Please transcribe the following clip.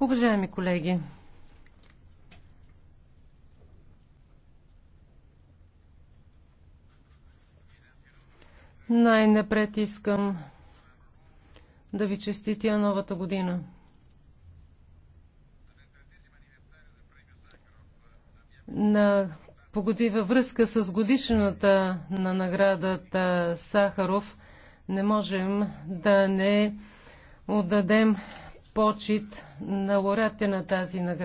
Уважаеми колеги, най-напред искам да ви честитя новата година. На погодива във връзка с годишната на наградата Сахаров не можем да не отдадем почет на лауреатите на тази награда.